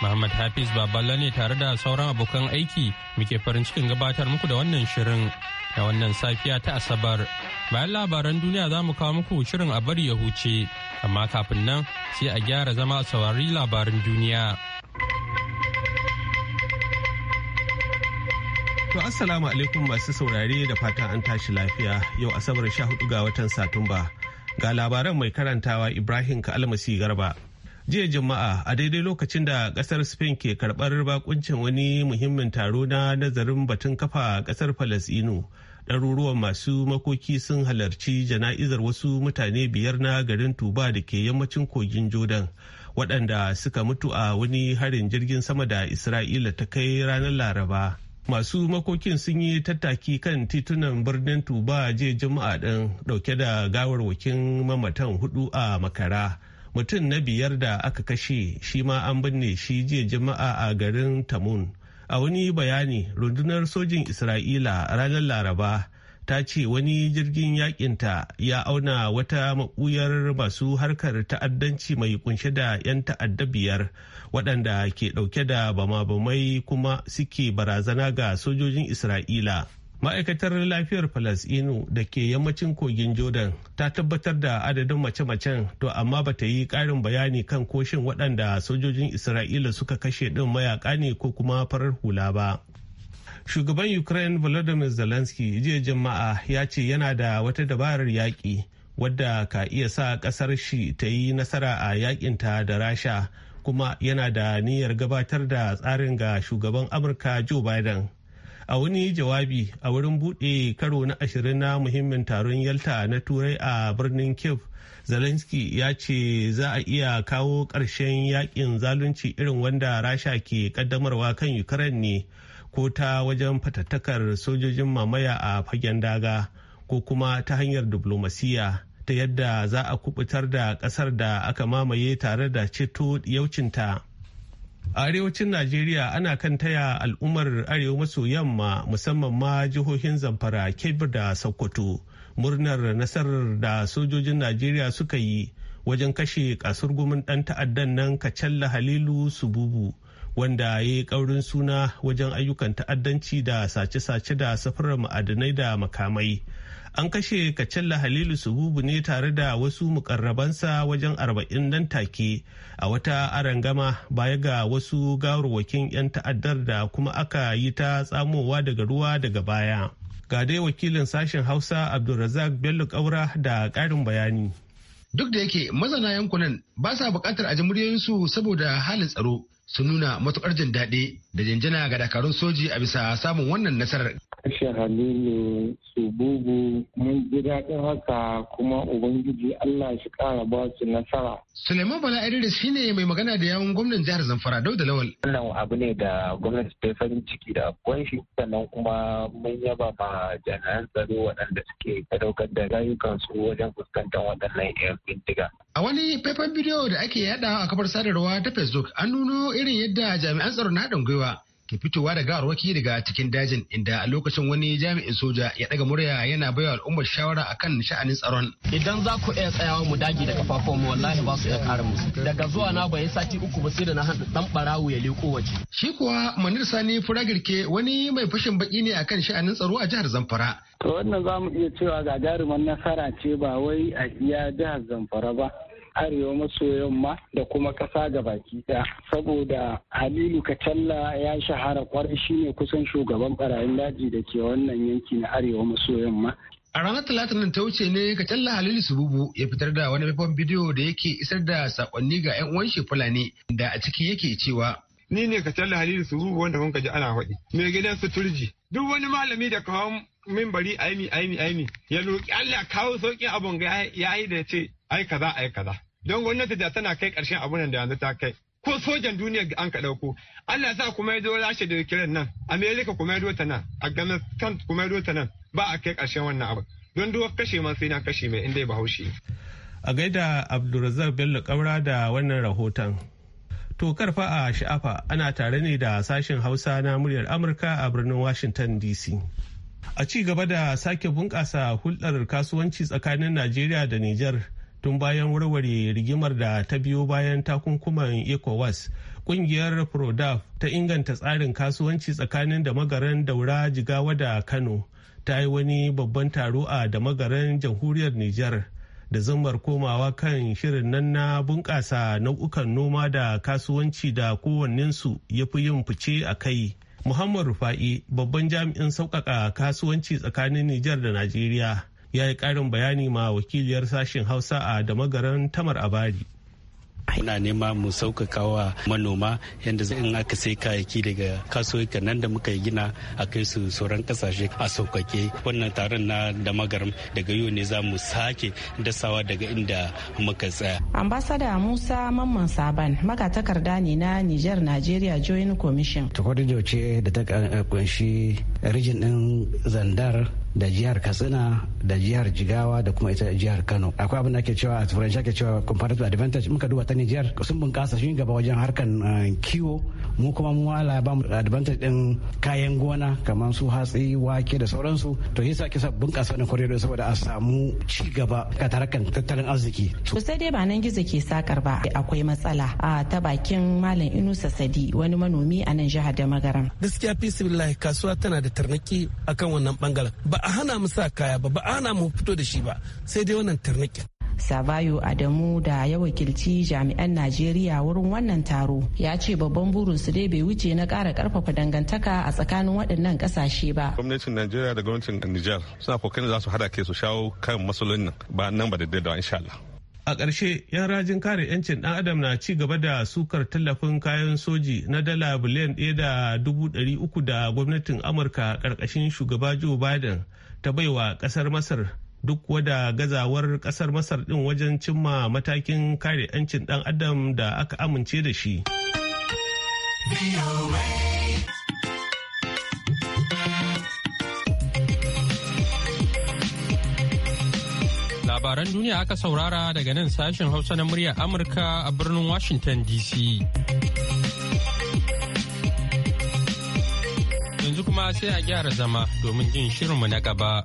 Muhammad Hafiz Baballa ne tare da sauran abokan aiki muke farin cikin gabatar muku da wannan shirin da wannan safiya ta Asabar. Bayan labaran duniya za mu kawo muku shirin a bari ya huce, amma kafin nan sai a gyara zama a saurari labaran duniya. To Assalamu alaikum masu saurare da fatan an tashi lafiya yau Asabar 14 ga watan Satumba. Ga labaran mai karantawa Ibrahim Ka'almasi Garba. jiya juma'a a daidai lokacin da kasar spain ke karbar bakuncin wani muhimmin taro na nazarin batun kafa kasar falasino ɗaruruwan masu makoki sun halarci jana'izar wasu mutane biyar na garin tuba da ke yammacin kogin jordan waɗanda suka mutu a wani harin jirgin sama da isra'ila ta kai ranar laraba masu makokin sun yi tattaki kan titunan birnin tuba jiya juma'a ɗin ɗauke da gawarwakin mamatan hudu a makara mutum na biyar da aka kashe shi ma an binne shi jiya jama'a a garin tamun a wani bayani rundunar sojin isra'ila ranar laraba ta ce wani jirgin yakinta ya auna wata makuyar masu harkar ta'addanci mai kunshe da 'yan ta'adda biyar waɗanda ke ɗauke da bama-bamai kuma suke barazana ga sojojin isra'ila ma'aikatar lafiyar falasinu da ke yammacin kogin jordan ta tabbatar da adadin mace-macen to amma ba ta yi ƙarin bayani kan koshin waɗanda sojojin isra'ila suka kashe ɗin mayaƙa ne ko kuma farar hula ba shugaban ukraine volodymyr zelensky jiya jama'a ya ce yana da wata dabarar yaƙi wadda ka iya sa ƙasar shi ta yi nasara a yaƙinta da rasha kuma yana da niyyar gabatar da tsarin ga shugaban amurka joe biden a wani jawabi a wurin buɗe karo na ashirin na muhimmin taron yalta na turai a birnin kiev zelensky ya ce za a iya kawo ƙarshen yakin zalunci irin wanda rasha ke ƙaddamarwa kan ukraine ne ko ta wajen fatattakar sojojin mamaya a fagen daga ko kuma ta hanyar diplomasiya ta yadda za a kubutar da ƙasar da aka mamaye tare da ceto yaucinta A arewacin Najeriya ana kan taya al'ummar arewa maso yamma musamman ma jihohin Zamfara, Kebbi da Sokoto murnar nasarar da sojojin Najeriya suka yi wajen kashe kasurgumin ɗan ta'addan nan Kacalla Halilu Sububu wanda ya yi ƙaurin suna wajen ayyukan ta'addanci da sace-sace da safarar ma'adanai da makamai an kashe kacella halilu sububu ne tare da wasu mukarrabansa wajen arba'in nan take a wata arangama baya ga wasu gawarwakin 'yan ta'addar da kuma aka yi ta tsamowa daga ruwa daga baya ga dai wakilin sashen hausa abdulrazak bello kaura da ƙarin bayani duk da yake mazana yankunan ba sa bukatar a muryoyinsu saboda halin tsaro sun nuna matukar jin daɗi da jinjina ga dakarun soji a bisa samun wannan nasarar. Kashe Halilu Subugu mun ji daɗin haka kuma Ubangiji Allah shi ƙara ba su nasara. Suleiman Bala Idris shi ne mai magana da yawun gwamnan jihar Zamfara Dauda Lawal. Wannan abu ne da gwamnati ta farin ciki da akwai shi sannan kuma mun yaba ma jami'an tsaro waɗanda suke daukar da rayukansu wajen fuskantar waɗannan 'yan bindiga. A wani faifan bidiyo da ake yada a kafar sadarwa ta Facebook an nuno irin yadda jami'an tsaro na haɗin gwiwa ke fitowa da aroki daga cikin dajin inda a lokacin wani jami'in soja ya daga murya yana baiwa al'ummar shawara akan sha'anin tsaron. Idan za ku iya tsayawa mu dagi da kafafun mu wallahi ba su iya kare mu. Daga zuwa na bayan sati uku ba sai da na hada dan barawu ya leko waje. Shi kuwa Manir Sani Furagirke wani mai fashin baki ne akan sha'anin tsaro a jihar Zamfara. To wannan za mu iya cewa ga jaruman nasara ce ba wai a iya jihar Zamfara ba. arewa maso yamma da kuma kasa ga baki ɗaya saboda halilu kacalla ya shahara kwarai shine kusan shugaban barayin daji da ke wannan yanki na arewa maso yamma A ranar talatin nan ta wuce ne Katalla Halilu Sububu ya fitar da wani faifan bidiyo da yake isar da sakonni ga 'yan uwan shi Fulani da a ciki yake cewa. Ni ne Katalla Halilu Sububu wanda kun ji ana faɗi. Mai gidan Suturji. Duk wani malami da kawo mimbari aimi aimi aimi ya roƙi Allah kawo sauƙin abun ga ya yi da ce ai kaza ai kaza. don gwamnati da tana kai ƙarshen abun da yanzu ta kai ko sojan duniya an ka dauko Allah sa kuma ya zo rashe da kiran nan Amerika kuma ya ta nan Afghanistan kuma ya ta nan ba a kai karshen wannan abu don duk kashe man sai na kashe mai inda ba haushi a gaida Abdulrazak Bello Kaura da wannan rahoton to karfa a sha'afa ana tare ne da sashen Hausa na muryar Amurka a birnin Washington DC a ci gaba da sake bunƙasa hulɗar kasuwanci tsakanin Najeriya da Nijar tun bayan warware rigimar da ta biyo bayan takunkuman ecowas kungiyar prodaf ta inganta tsarin kasuwanci tsakanin da magaran daura jigawa da kano ta yi wani babban taro a da magaran jamhuriyar niger da zammar komawa kan shirin nan na bunƙasa nau'ukan noma da kasuwanci da kowanninsu ya fi yin fice a kai muhammad rufa'i babban jami'in sauƙaƙa kasuwanci tsakanin niger da najeriya ya yi ƙarin bayani ma wakiliyar sashen hausa a damagaran tamar abari muna nema mu sauƙaƙa wa manoma yadda in aka sai kayayyaki daga kasuwa nan da muka yi gina a kai su sauran ƙasashe a sauƙaƙe wannan taron na da magaram daga yau ne za mu sake dasawa daga inda muka tsaya. ambasada musa mamman saban magatakarda ne na niger nigeria joint commission ta da da ta kunshi rijin din zandar da jihar katsina da jihar jigawa da kuma ita jihar kano akwai abin da ake cewa a turanci ake cewa comparative advantage muka duba ta nijiyar sun bunkasa shi gaba wajen harkan eh, kiwo mu kuma mu ala ba mu advantage din kayan gona kamar su hatsi wake da sauransu to yasa ake bunkasa wannan kwarewa saboda a samu ci gaba ga tarakan tattalin arziki to sai dai ba nan gizo ke sakar ba akwai matsala a ta bakin malam inusa sadi wani manomi a nan jihar da magaram gaskiya fi kasuwa tana da tarnaki akan wannan bangaren ba a hana mu sa kaya ba ba a hana mu fito da shi ba sai dai wannan tarnikin Sabayo Adamu da ya wakilci jami'an Najeriya wurin wannan taro ya ce babban burin su dai bai wuce na ƙara ƙarfafa dangantaka a tsakanin waɗannan ƙasashe ba. Gwamnatin Najeriya da gwamnatin Nijar suna kokarin za su hada ke su shawo kan matsalolin nan ba nan ba da insha Allah. A ƙarshe, 'yan rajin kare 'yancin ɗan adam na ci gaba da sukar tallafin kayan soji na dala biliyan ɗaya da dubu ɗari uku da gwamnatin Amurka ƙarƙashin shugaba Joe Biden ta baiwa ƙasar Masar duk wada gazawar ƙasar Masar ɗin wajen cimma matakin kare 'yancin ɗan adam da aka amince da shi. labaran duniya aka saurara daga nan sashen hausa na murya amurka a birnin washington dc yanzu kuma sai a gyara zama domin jin shirinmu na gaba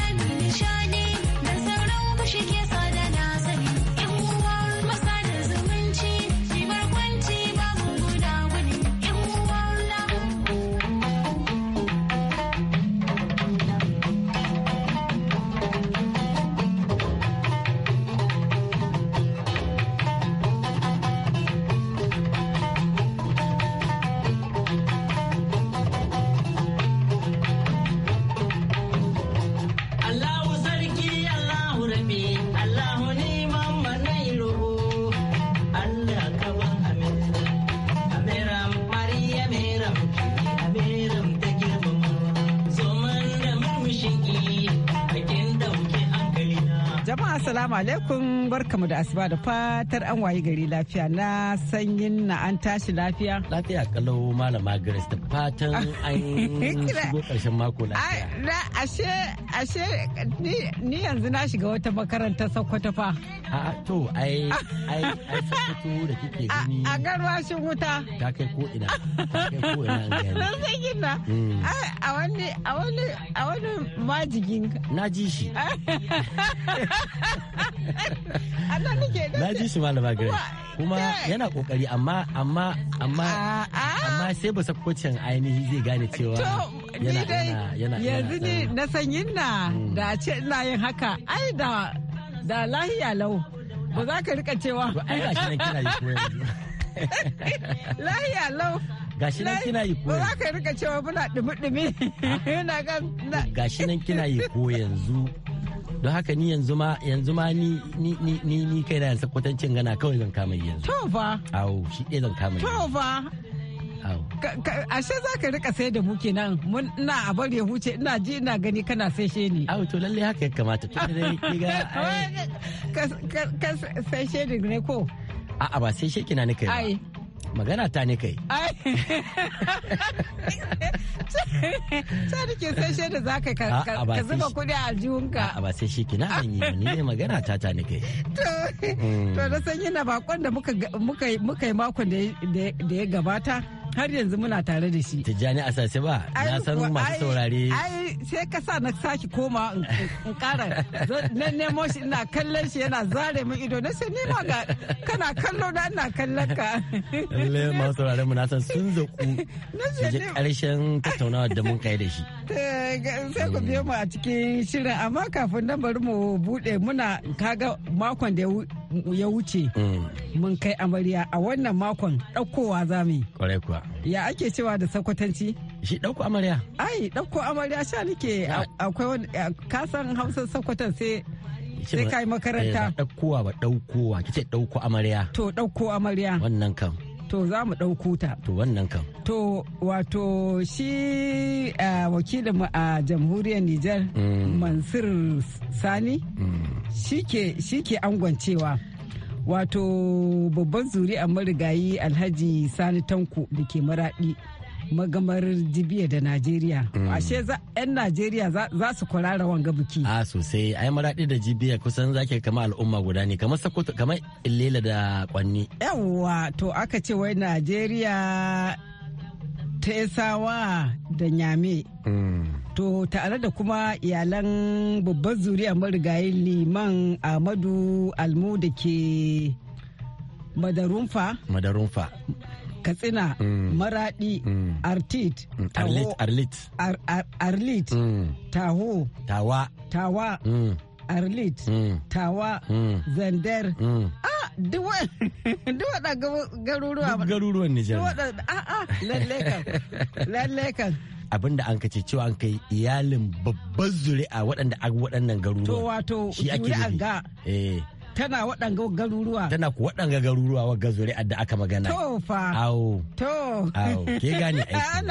alaikum barkamu da asuba da fatar an wayi gari lafiya na sanyin na an tashi lafiya. Lafiya kalau malama Grace da fatan an shigo karshen mako lafiya. Ashe ashe ni yanzu na shiga wata makaranta sakwata fa. a to ai ai ai sakuto da kike gani a garwashin wuta ta kai ko ina ta kai ko ina nan a wani a wani a wani majigin na ji shi na ji shi malama gari kuma yana kokari amma amma amma amma sai ba sakwacin ainihi zai gane cewa yana yana yanzu ne na sanyin na hmm. da a ce ina yin haka ai da da lahiya lau ba za ka rika cewa kina yanzu lahiya lau gashi nan kina yi ko yanzu ba za ka rika cewa muna dumi-dumi na gashi nan kina yi ko yanzu don haka ni yanzu ma yanzu ma ni ni ni ni kai na yanzu kwatancin gana kawai zan kama yanzu to fa awo shi ɗaya zan kama to fa ashe za ka rika sai da mu kenan mun ina a bari ya huce ina ji ina gani kana sai she ni awo to lalle haka ya kamata to dai ga ka sai she ne ko a'a ba sai she kina ne kai ai magana ta ne kai. Sai da ke sashe da za ka zuba kuɗi a aljihunka. A ba sai shi kina an yi ni ne magana ta ta ne kai. To, da san yana bakon da muka yi makon da ya gabata. har yanzu muna tare da shi tijjani asase ba na san masu saurare ai sai ka sa na saki koma in kara na nemo shi ina kallon shi yana zare mu ido na sai ni ma ga kana kallo na ina kallon ka lalle masu saurare mu na san sun zaku su ji karshen tattaunawa da mun kai da shi sai ku biyo mu a cikin shirin amma kafin nan bari mu bude muna kaga makon da ya wuce mm. mun kai amarya a wannan makon ɗaukowa zamu yi. Kwarai kuwa. Ya ake cewa da sakwatanci? Shi ɗauko amarya. Ai, ɗauko amarya sha nake akwai wani kasan hausar sakwatan sai sai kai makaranta. Eh, ɗaukowa ba ɗaukowa, kice ɗauko amarya. To ɗauko amarya. Wannan kan. to za mu ɗauko ta. To wannan kan. To wato shi wakilin wakilinmu a jamhuriyar Nijar mm. Mansur Sani mm. shi ke cewa. wato babban a marigayi alhaji sani tanko da ke maradi magamar jibiya da najeriya mm. ashe 'yan najeriya za su kwarara wanga biki a sosai ai maradi da jibiya kusan zake kama al'umma guda ne kamar sokoto kamar illela da kwanni yawwa to aka ce wai najeriya ta isawa da nyame mm. To tare da kuma iyalan babban zuriya marigayi liman Ahmadu Almu da ke Madarunfa. Madarunfa. Katsina, mm. Maradi, mm. Artit, mm. Arlit, Arlit, mm. Taho, Tawa, Tawa, Arlit, Tawa, Zander. duk garuruwa ba. Garuruwan Nijar. A'a lalle kan. kan. abin da an kace cewa an kai iyalin babban zuri'a waɗanda waɗannan garuruwa. To wato zuri'a ga. Eh. tana waɗanga garuruwa tana ku waɗanga garuruwa wa gazuri adda aka magana to fa awo to awo ke gane aiki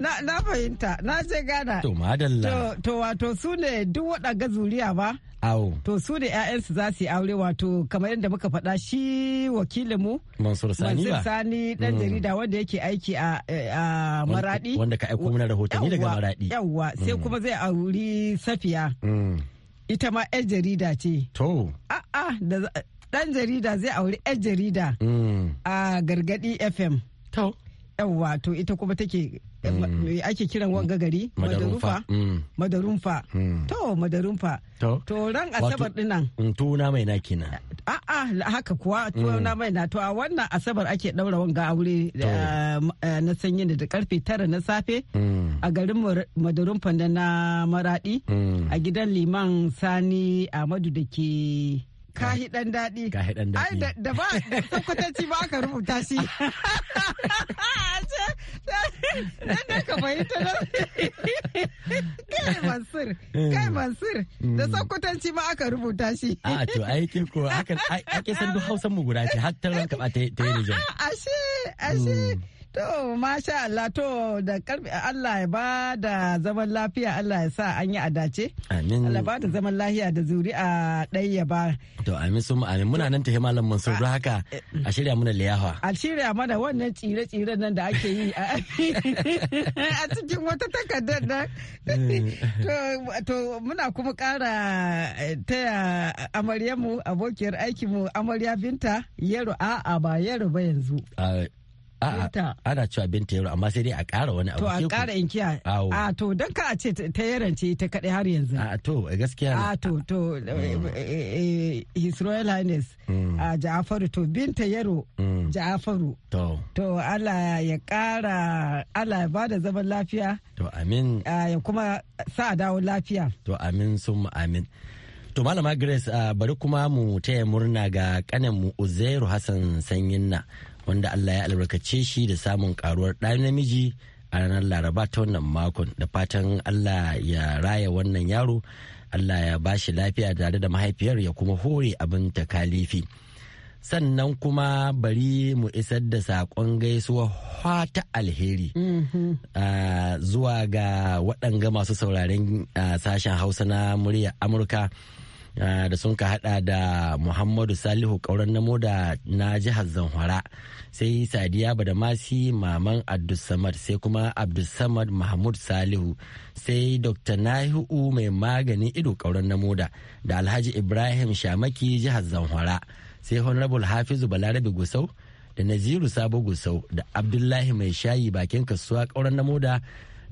na na fahimta na je gana to madalla to wato su ne duk waɗanga zuriya ba awo to su ne ƴaƴansu za su yi aure wato kamar yadda muka faɗa shi wakilin mu Mansur Sani ba Sani dan mm. jarida wanda yake aiki a Maradi wanda ka aiko mana rahotanni daga Maradi yawwa sai mm. kuma zai auri Safiya mm. ita ma 'yar jarida ce. To. A'a da ɗan jarida zai auri 'yar jarida mm. a gargadi FM. To. yawwa to ita kuma take eh, mm. ake kiran wanga gari madarunfa madarunfa mm. Mm. to madarunfa to ran asabar dinan tuna mai na a a'a haka kuwa tuna mai na to a wannan asabar ake daura wanga aure eh, eh, na sanyin da karfe tara na safe a garin madarunfa na maradi a gidan liman sani amadu da ke kahi dan daɗi kahi dan daɗi ai da ba tabbatanci ba aka rubuta shi dan da ka fahimta da kai mansur kai mansur da hmm. sakwatanci ma aka rubuta shi a to ai ko aka ake san duk hausan mu guda ce har taron ka ba ta yi ne ashe ashe hmm. To, masha Allah, to da karfi Allah ya ba da zaman lafiya Allah ya sa an yi dace. Amin. Allah ba da zaman lafiya da zuri a ɗai ya ba. To, amin sun amin muna nan tafi malam Mansur don haka a eh, shirya mana liyawa. A shirya mana wannan tsire-tsiren nan da ake yi a cikin wata takardar nan. Eh. To, muna kuma ƙara eh, taya amaryamu abokiyar aikinmu amarya binta yaro a'a ba yaro ba yanzu. A'a ana cewa binta yaro amma sai dai a ƙara wani abu. To a ƙara kiya A to don ka a ce ta yaron ce ta kaɗai har yanzu. A to gaskiya. A to to eh, mm. eh, eh, His Royal Highness mm. a Ja'afaru to binta yaro mm. Ja'afaru. To. To Allah ya ƙara Allah ya bada zaman lafiya. To amin. Ya kuma sa dawo lafiya. To amin sun amin. To Malama Grace bari kuma mu taya murna ga kanin mu Uzairu Hassan Sanyinna wanda Allah ya albarkace shi da samun karuwar ɗa namiji a ranar laraba ta wannan makon da fatan Allah ya raya wannan yaro Allah ya ba shi lafiya tare da mahaifiyar ya kuma hore abin takalifi sannan kuma bari mu isar da saƙon gaisuwa ta alheri mm-hmm. zuwa ga waɗanga masu sauraren sashen hausa na murya amurka Ah, da sun ka hada da muhammadu salihu kauran namo da na jihar Zanhara sai sadiya badamasi maman abdulsamad sai kuma abdulsamad mahmud salihu sai dr nahiu mai maganin ido kauran namoda da alhaji ibrahim shamaki jihar Zanhara sai honorable hafizu balarabe gusau da naziru sabo gusau da abdullahi mai shayi bakin kasuwa kauran namoda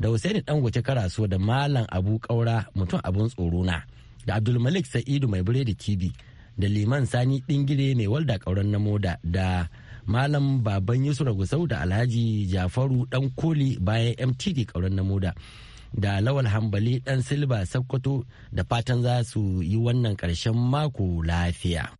da husaini dangote karasuwa da malam abu kaura mutum abun tsoro na da abdulmalik sa'idu mai biredi kibi da liman sani dingire mai walda kauran na moda da malam baban yusuf gusau da alhaji jafaru dan koli bayan mtd kauran na moda da lawal hambali dan silba sakkwato da fatan za su yi wannan karshen mako lafiya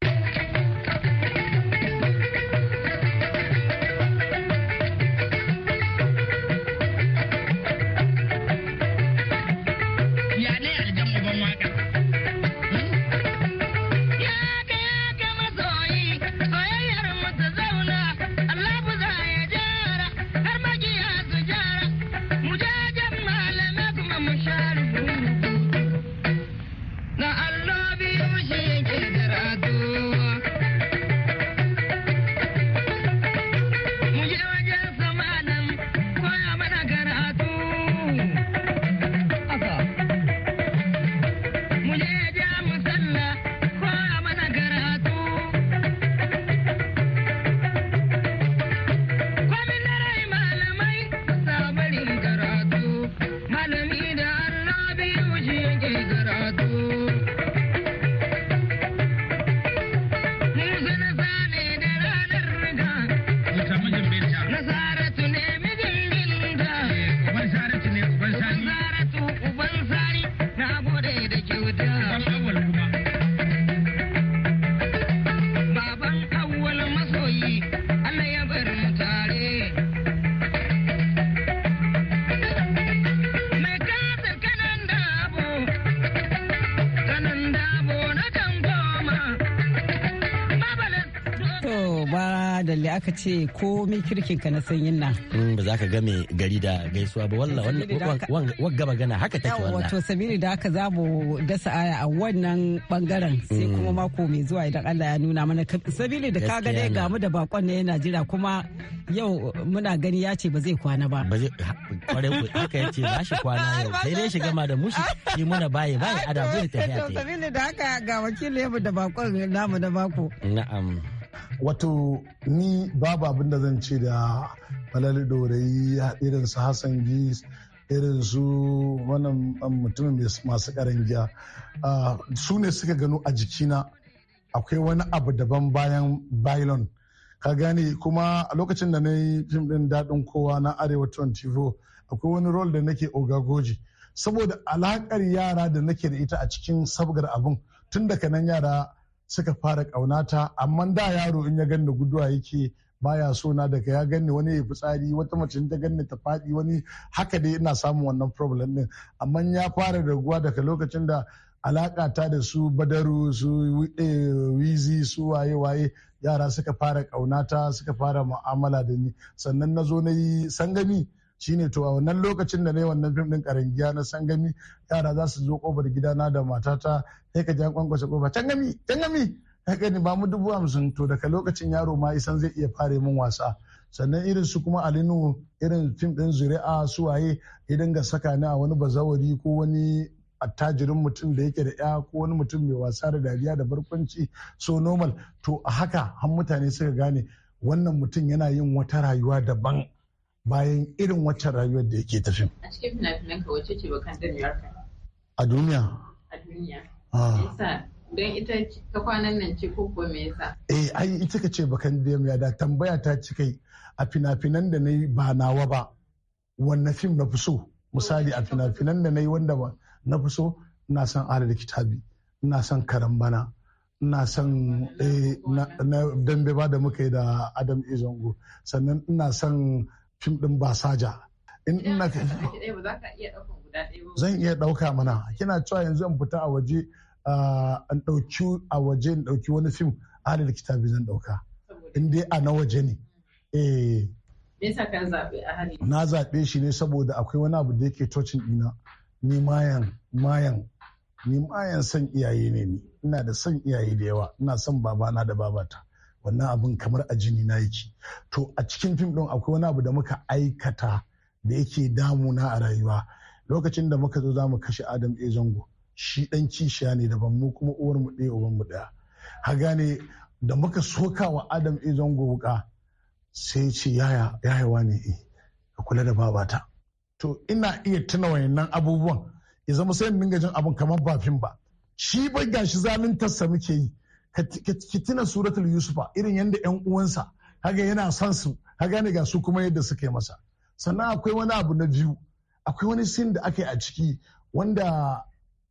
aka ce komai kirkin ka na sanyin nan mm, ba za ka ga mai gari da gaisuwa ba wallah gaba gana haka take wallah wato sabili da haka za mu dasa aya a wannan bangaren sai mm. kuma mako mai zuwa idan Allah ya nuna mana sabili da ka dai gamu da bakon ne yana jira kuma yau muna gani ya ce ba zai kwana ba ba zai haka ya ce ba shi kwana yau sai dai shi gama da mushi shi muna baye baye adabu da tafiya ta sabili da haka ga wakilin da bakon namu da bako na'am wato ni babu abin da zan ce da falali dorayi irin su hassan gis irin su wannan um, mutumin masu karangiya ah, su ne suka gano a jikina akwai wani abu daban bayan bailon ka gane kuma a lokacin da na yi fim din daɗin kowa na arewa 24 akwai wani rol da nake ogagoji saboda alaƙar yara da nake da ita a cikin sabgar abin tun daga nan yara suka fara ƙaunata amma da yaro in ya ganni guduwa yake baya so na daga ya ganni wani ya fitsari wata mace ta ganni ta faɗi wani haka dai ina samun wannan problem din amma ya fara raguwa daga lokacin da alaka ta da su badaru su eh, wizi su waye waye yara suka fara ƙaunata suka fara mu'amala da ni sannan na zo na yi sangami shine to a wannan lokacin da ne wannan fim din karangiya na sangami yara za su zo kofar gidana da matata sai ka jan kwankwashe kofa tangami tangami kai haka ne ba mu dubu hamsin to daga lokacin yaro ma isan zai iya fare min wasa sannan irin su kuma alinu irin fim din zuri'a su waye idan dinga saka ni a wani bazawari ko wani attajirin mutum da yake da ya ko wani mutum mai wasa da dariya da barkwanci so normal to a haka har mutane suka gane wannan mutum yana yin wata rayuwa daban bayan irin wacce rayuwar da yake tafi. A cikin finafinan ka wacce ce bakan ka? A duniya. A duniya. Ah. Yasa don ita ta kwanan nan ce ko ko me yasa? Eh ai ita ka ce bakan damiyar da tambaya ta ci kai a finafinan da na yi ba nawa ba wanne fim na fi so misali a finafinan da na yi wanda ba na fi so ina son adada kitabi ina son karambana ina son eh, na dambe ba da muka yi da adam izongo sannan ina son fim ɗin basaja in ina ka zan iya ɗauka mana kina cewa yanzu an fita a waje an ɗauki a waje in ɗauki wani fim adal kitabi zan ɗauka in dai a na waje ne eh. na zaɓe shi ne saboda akwai wani abu da yake tocin ɗina ni mayan mayan ni mayan son iyaye ne ni ina da son iyaye da yawa ina son babana da babata wannan abin kamar a jini na yake to a cikin fim ɗin akwai wani abu da muka aikata da yake damuna a rayuwa lokacin da muka zo zamu kashe adam a zango shi ɗan kishiya ne daban mu kuma uwar mu ɗaya uban mu ɗaya ha gane da muka soka wa adam a zango wuka sai ce yaya yaya wane eh, ka kula da babata to ina iya tuna wayannan abubuwan ya zama sai dinga jin abin kamar ba fim ba shi bai gashi tassa muke yi ki tuna suratul yusufa irin yadda yan uwansa haga yana son su haga ne ga su kuma yadda suka yi masa sannan akwai wani abu na biyu akwai wani sin da aka yi a ciki wanda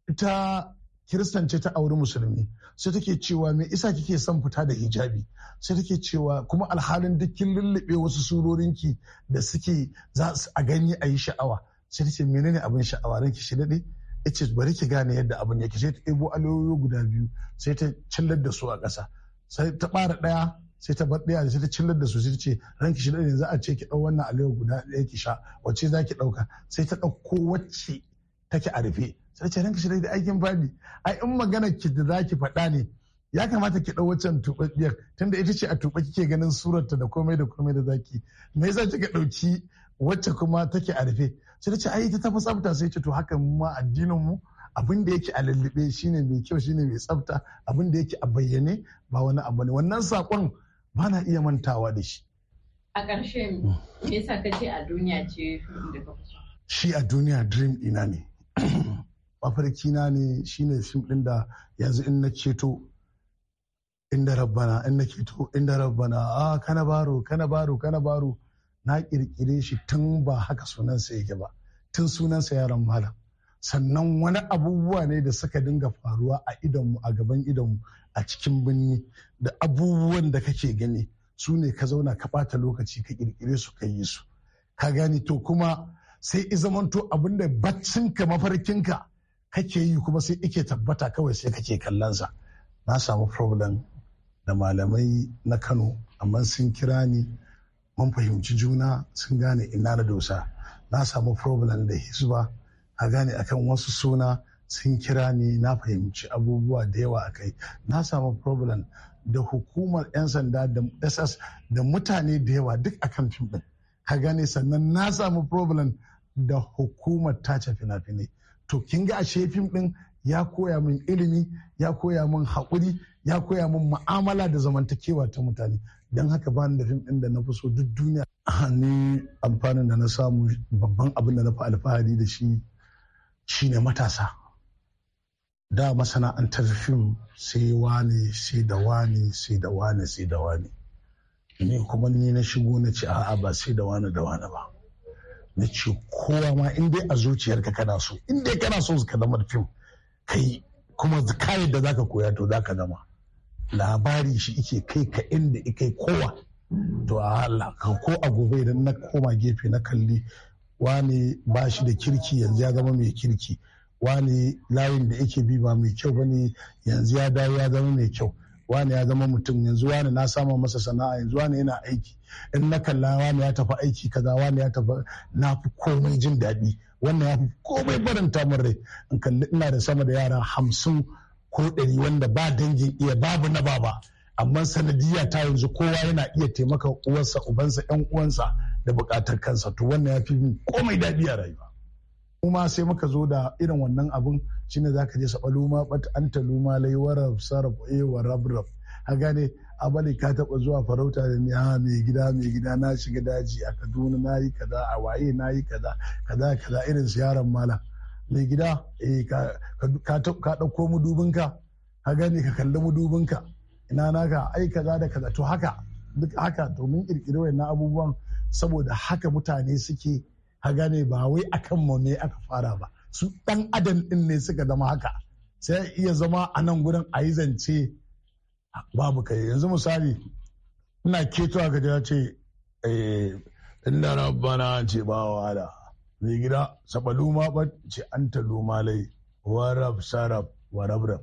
ita kiristance ta auri musulmi sai take cewa me isa kike son fita da hijabi sai take cewa kuma alhalin duk kin lullube wasu surorinki da suke za su a gani a yi sha'awa sai take menene abin sha'awa ranki shi daɗe ce bari ki gane yadda abin yake sai ta ɗebo guda biyu sai ta cillar da su a ƙasa sai ta ɓara ɗaya sai ta bar ɗaya sai ta cillar da su sai ta ce ranki shi ne za a ce ki ɗau wannan alayoyo guda ɗaya ki sha wacce za ki ɗauka sai ta ɗauko wacce take a rufe sai ta ce ranki shi da aikin fadi ai in magana ki da za ki faɗa ne ya kamata ki ɗau waccan tuɓaɓɓiyar tunda ita ce a tuɓa kike ganin surarta da komai da komai da zaki me yasa kika ɗauki wacce kuma take a rufe sai ce ai ita tafi tsafta sai ce to haka ma addinin mu abin da yake a lullube shine mai kyau shine mai tsafta abin da yake a bayyane ba wani abu ne wannan sakon ba na iya mantawa da shi a ƙarshe me yasa ka ce a duniya ce da ka shi a duniya dream ina ne mafarki na ne shine fim din da yanzu in na ceto inda rabbana in na ceto inda rabbana a ah, kana baro kana baro kana baro na kirkire shi tun ba haka sunansa yake ba tun sunansa yaron malam sannan wani abubuwa ne da suka dinga faruwa a idonmu a gaban idonmu a cikin birni da abubuwan da kake gani su ne ka zauna ka ɓata lokaci ka kirkire su ka yi su ka gani to kuma sai i zamanto abinda baccinka mafarkinka kake yi kuma sai ike tabbata kawai sai kake kallonsa na samu problem da malamai na kano amma sun kira ni mun fahimci juna sun gane ina da dosa na samu problem da hisba a gane akan wasu suna sun kira ni na fahimci abubuwa da yawa a kai na samu problem da hukumar 'yan sanda da ss da mutane da yawa duk akan fim din ka gane sannan na samu problem da hukumar tace fina-finai to kin ga ashe fim din ya koya min ilimi ya koya min haƙuri ya koya min ma'amala da zamantakewa ta mutane don haka bani da fim inda na fi so duk duniya a ni amfanin da na samu babban abin da na fi alfahari da shi shine matasa da masana'antar fim sai wane sai da wane sai da wane sai da wane ni kuma ni na shigo na ce a'a ba sai da wane da wane ba na ce kowa ma in dai a zuciyarka kana so in dai kana so ka zama fim kai kuma kayan da zaka koya to zaka zama labari shi ike kai ka inda ike kowa to a halaka ko a gobe idan na koma gefe na kalli wani ba shi da kirki yanzu ya zama mai kirki wani layin da yake bi ba mai kyau bane yanzu ya dawo ya zama mai kyau wani ya zama mutum yanzu wani na samu masa sana'a yanzu wani yana aiki in na kalla wani ya tafi aiki kaza wani ya tafi na fi komai jin daɗi wannan ya fi komai barin rai in kalli ina da sama da yara hamsin kurɗari wanda ba dangin iya babu na baba amma sanadiyya ta yanzu kowa yana iya taimaka uwarsa ubansa yan uwansa da buƙatar kansa to wannan ya fi min komai daɗi a rayuwa kuma sai muka zo da irin wannan abun shine zaka je saba luma bat anta luma lai warab sarab e warab rab ha gane abali ka taba zuwa farauta da ni ha ah, mai gida mai gida na shiga daji a Kaduna nayi kaza a waye nayi kaza kaza kaza irin ziyarar yaron malam mai gida eh, ka ɗauko mudubinka ka gani ka kalli mudubinka ina naka ai kaza da kaza to haka duk haka domin mun kirkiri abubuwan saboda haka mutane suke ka gane ba wai akan mu ne aka fara ba su ɗan adam ɗin ne suka zama haka sai iya zama a nan gurin a yi zance babu kai yanzu misali ina ketowa ga ce eh, inda rabbana ce ba wahala mai gida sabalu bat ce an luma lai warab sarab rab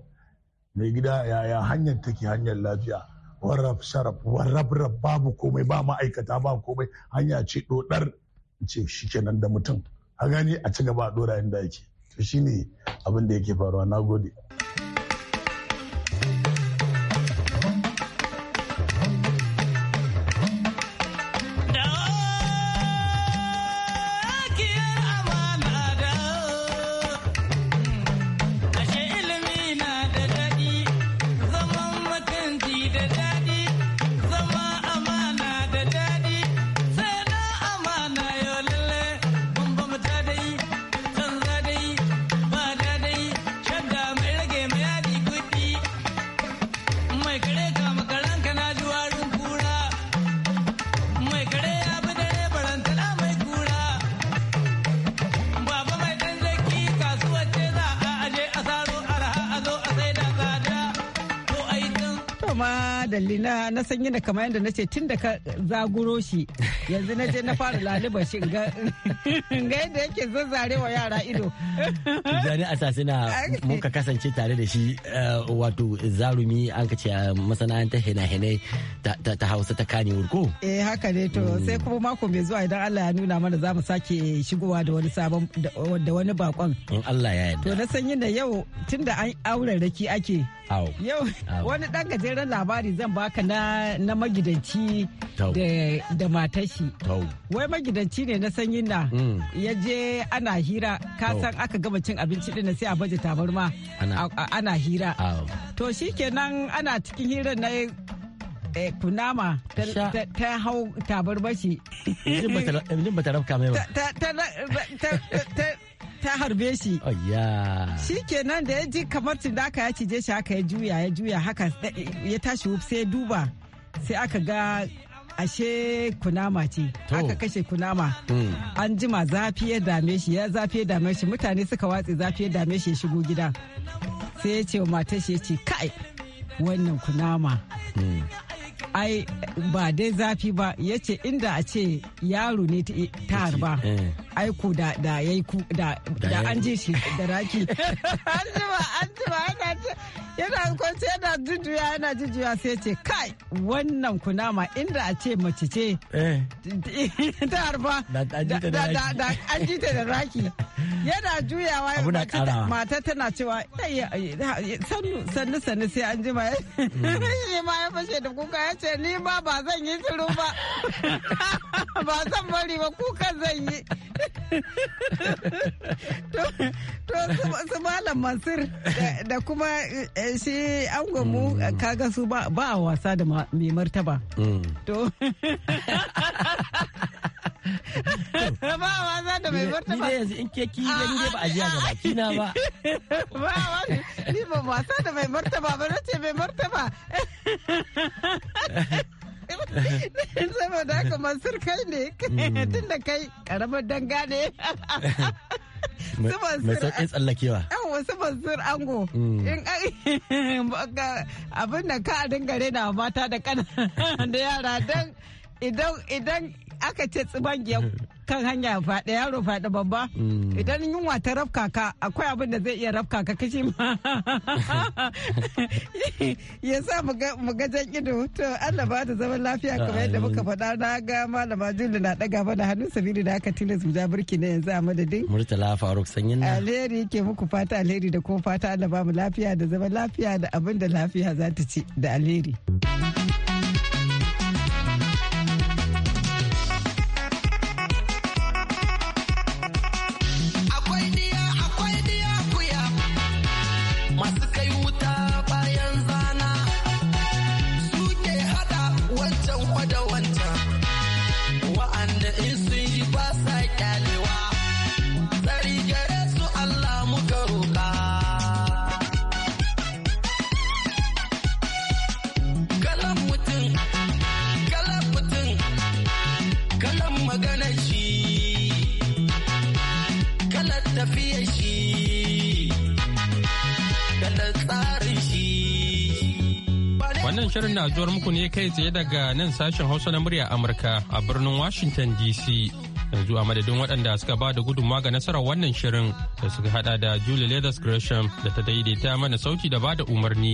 mai gida yaya hanyar take hanyar lafiya warab sarab rab babu komai ba ma'aikata ba komai hanya ce dodar ce shi kenan da mutum a gani a ci gaba a dora inda yake to ne abin da yake faruwa na gode na sanyi da kamar yadda na ce tun da ka zaguro shi yanzu na je na fara laliba shi ga yadda yake zazzare wa yara ido zane asasina muka kasance tare da shi eh, wato zarumi an kace eh, masana'antar hina-hinai ta hausa ta kane wurko eh haka ne to hmm. sai kuma mako mai zuwa idan Allah ya nuna mana za mu sake shigowa da wani sabon da wani bakon in Allah ya yarda to na san yin da yau tunda an aure raki ake yau wani dan gajeren labari zan baka na magidanci da matashi shi wai magidanci ne na sanyin na mm. ya je ana hira ka san aka gama cin abinci din sai a baje tabarma ana hira ah. to shikenan ana cikin hirar na eh, kunama ta hau tabar bashi. Jin ba ta rafka mai ba. Ta harbe shi. Shi kenan da ya ji kamar daka ya cije shi haka ya juya ya juya haka eh, ya tashi wuf sai ya duba sai aka ga ashe kunama ce aka kashe kunama hmm. an jima zafi ya dame shi ya zafi ya dame shi mutane suka watse zafi ya dame shi ya shigo gida sai ya ce wa matar ya ce kai wannan kunama hmm. ai ba dai zafi ba ya ce inda a ce yaro ne ta harba eh. aiku da da yayi ku da da an ji shi da raki an ba an ba yana yana kwance yana jujuya yana jujuya sai ce kai wannan kunama inda a ce mace ce eh. ta harba da an ji ta da raki yana juyawa mata tana cewa sannu sannu sai an jima mm. shi ma ya fashe da kuka ya ce ni ma ba zan yi shiru ba ba zan bari ba kuka zan yi to su malam Masir da kuma eh, shi gwamu mm. kaga su ba a wasa da mai martaba mm. to ba wasa da mai ba. ni yanzu in ki da ni ba a jiya ga baki na ba ba wani ni ba wasa da mai martaba ba na ce mai martaba saboda haka mansur kai ne mm. tun da kai karamar danga ne mai sauƙin tsallakewa yan wasu mansur ango mm. in abin da ka a dinga rena mata da kana da yara don idan aka ce tsiban kan hanya faɗa yaro faɗa babba mm. idan yunwa ta rafka ka akwai abin da zai iya rafka ka kashi ma ya sa mu jan ido to Allah ba ta zama lafiya kamar yadda muka faɗa na ga malama Julu na ɗaga mana hannun sabili da aka tilas mu ja burki na yanzu a madadin Murtala Faruk sanyin na alheri ke muku fata alheri da kuma fata Allah ba mu lafiya da zama lafiya da abin da lafiya za ta ci da alheri. na zuwar muku ne kai tsaye daga nan sashen Hausa na murya Amurka a birnin Washington DC. Yanzu a madadin waɗanda suka ba da gudunmawa ga nasarar wannan shirin da suka hada da Julie Leathers Gresham da ta daidaita mana sauti da ba da umarni.